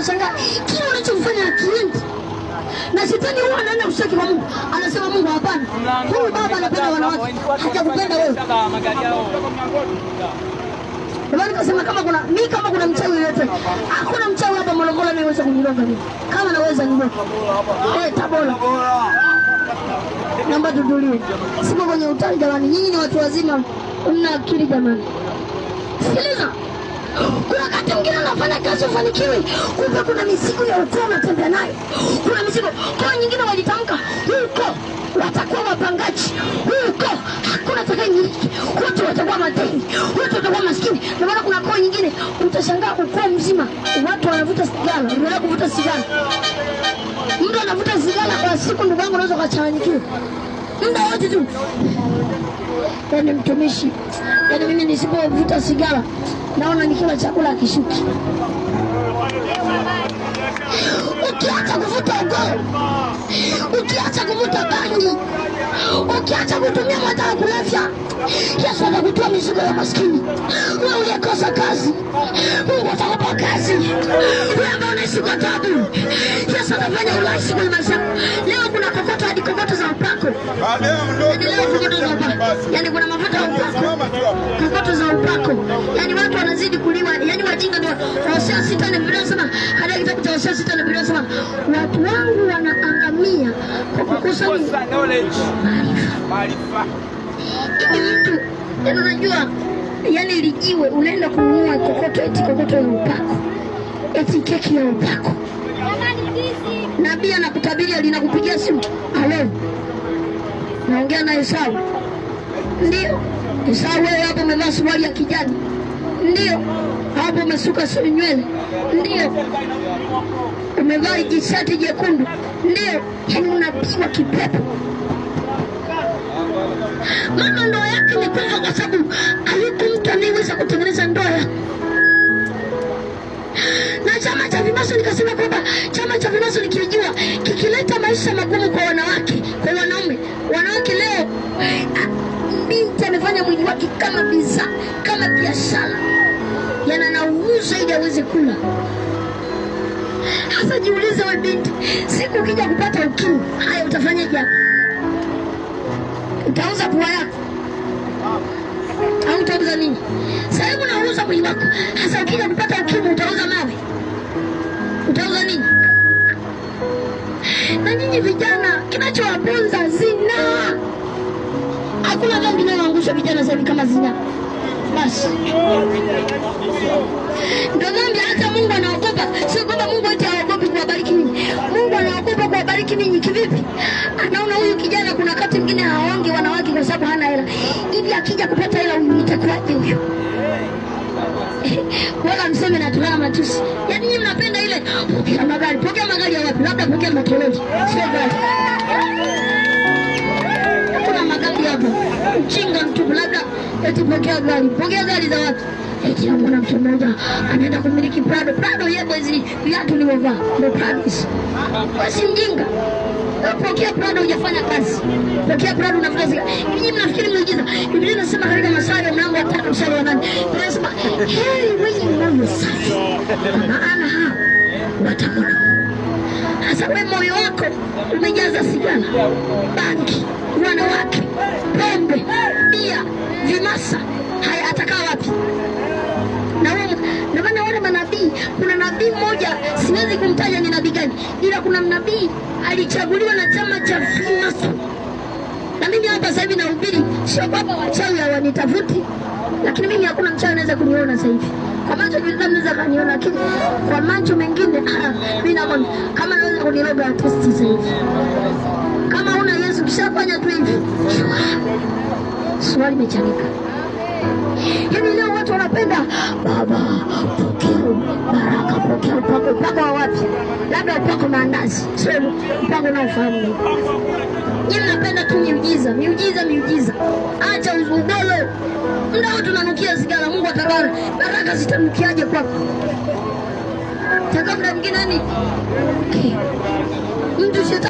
utashangaa kile unachomfanya akiendi na shetani huwa anaenda kushtaki kwa Mungu, anasema Mungu, hapana, huyu baba anapenda wanawake, hajakupenda wewe. Kasema kama kuna mimi, kama kuna mchawi yote, hakuna mchawi hapa Morogoro anayeweza kunigonga mimi, kama naweza nigonga hey, Tabora namba duduliwe. sipo kwenye utani jamani, nyinyi ni watu wazima, mna akili jamani, sikiliza kuna wakati mwingine unafanya kazi ufanikiwe, kumbe kuna mizigo ya ukoo unatembea nayo. Kuna mizigo kwa nyingine wajitamka huko watakuwa wapangaji, huko hakuna atakayemiliki, wote watakuwa madeni, wote watakuwa maskini. Ndio maana kuna koo nyingine utashangaa ukoo mzima watu wanavuta sigara, unaona kuvuta sigara, mtu anavuta sigara kwa siku, ndugu yangu, unaweza ukachanganyikiwa muda wote tu yani mtumishi, yani mimi nisipovuta sigara naona nikiwa chakula kishuki. Ukiacha kuvuta ugo, ukiacha kuvuta bangi, ukiacha kutumia madawa kulevya, Yesu atakutoa mizigo ya maskini. Wewe uliyekosa kazi, Mungu atakupa kazi. Wewe ambao unaishi kwa tabu, Yesu atafanya urahisi kwa maisha. Leo kuna kokoto hadi kokoto rejelea kidogo hapa, yani kuna mafuta ya upako, kokoto za upako, yani watu wanazidi kuliwa, yani wajinga ndio. Hosea sita na Biblia inasema hadi kitabu cha Hosea sita na Biblia inasema watu wangu wanaangamia kwa kukosa maarifa. Ili mtu yani, unajua yani, lijiwe unaenda kununua kokoto, eti kokoto ya upako, eti keki ya upako, nabii anakutabiria, linakupigia simu, alo naongea na Esau. Ndio Esau, wewe hapo umevaa suruali ya kijani, ndio hapo umesuka nywele, ndio umevaa jisati jekundu, ndio yani unapigwa kipepo. Mama ndoa yake ni kwa sababu hayuko mtu anayeweza kutengeneza ndoa yake chama cha Vinasho nikasema kwamba chama cha Vinasho nikijua kikileta maisha magumu kwa wanawake, kwa wanaume, wanawake leo ah, binti amefanya mwili wake kama bidhaa, kama biashara, yana nauza ili aweze kula. Hasa jiulize wewe binti, siku ukija kupata ukimwi, haya utafanyaje? Utauza pua yako au utauza nini? Sasa hivi unauza mwili wako, hasa ukija kupata ukimwi utauza mawe kama nini? Na nyinyi vijana, kinachowaponza zina. Hakuna dhambi inayoangusha vijana zaidi kama zina. Basi ndio dhambi. Hata Mungu anaogopa, sio kwamba Mungu ati aogopi kuwabariki ninyi. Mungu anaogopa kuwabariki ninyi kivipi? Anaona huyu kijana, kuna wakati mwingine haongi wanawake kwa sababu hana hela, hivi akija kupata hela, itakuwaje huyu? kuona mseme na tulaa matusi. Yaani nyinyi mnapenda ile pokea magari, pokea magari ya wapi? Labda pokea makelele, sio gari. Kuna magari hapo, mchinga mtu, labda eti pokea gari, pokea gari za wapi? Eti hapo na mtu mmoja anaenda kumiliki Prado, Prado yebo hizi viatu nilivyovaa ndio Prado, basi mjinga Pokea Prado hujafanya kazi. Pokea Prado unafanya zile. Ninyi mnafikiri mnajiza. Biblia inasema katika Mathayo mlango wa 5 mstari wa 8. Inasema heri wenye moyo safi. Maana hao watamwona. Hasa wewe moyo wako umejaza sigara, bangi, wanawake, pombe, bia, vimasa, haya atakaa wapi? Na wewe nabii. Kuna nabii mmoja siwezi kumtaja ni nabii gani, ila kuna mnabii alichaguliwa na chama cha Freemason, na mimi hapa sasa hivi nahubiri, sio kwamba wachawi hawanitafuti, lakini mimi hakuna mchawi anaweza kuniona sasa hivi kwa macho naweza kaniona, lakini kwa macho mengine ah, ah, mimi na naona kama naweza kuniloga test sasa hivi. Kama una Yesu kishafanya tu hivi, swali mechanika. Yaani leo watu wanapenda baba, pokea baraka, pokea upako. Upako wa wapi? Labda upako maandazi, sio upako unaofahamu. Yaani napenda tu miujiza, miujiza, miujiza. Acha ugolo, mda watu nanukia sigara. Mungu atabara, baraka zitanukiaje kwako? Taka mda mwingine ni mtu shetani.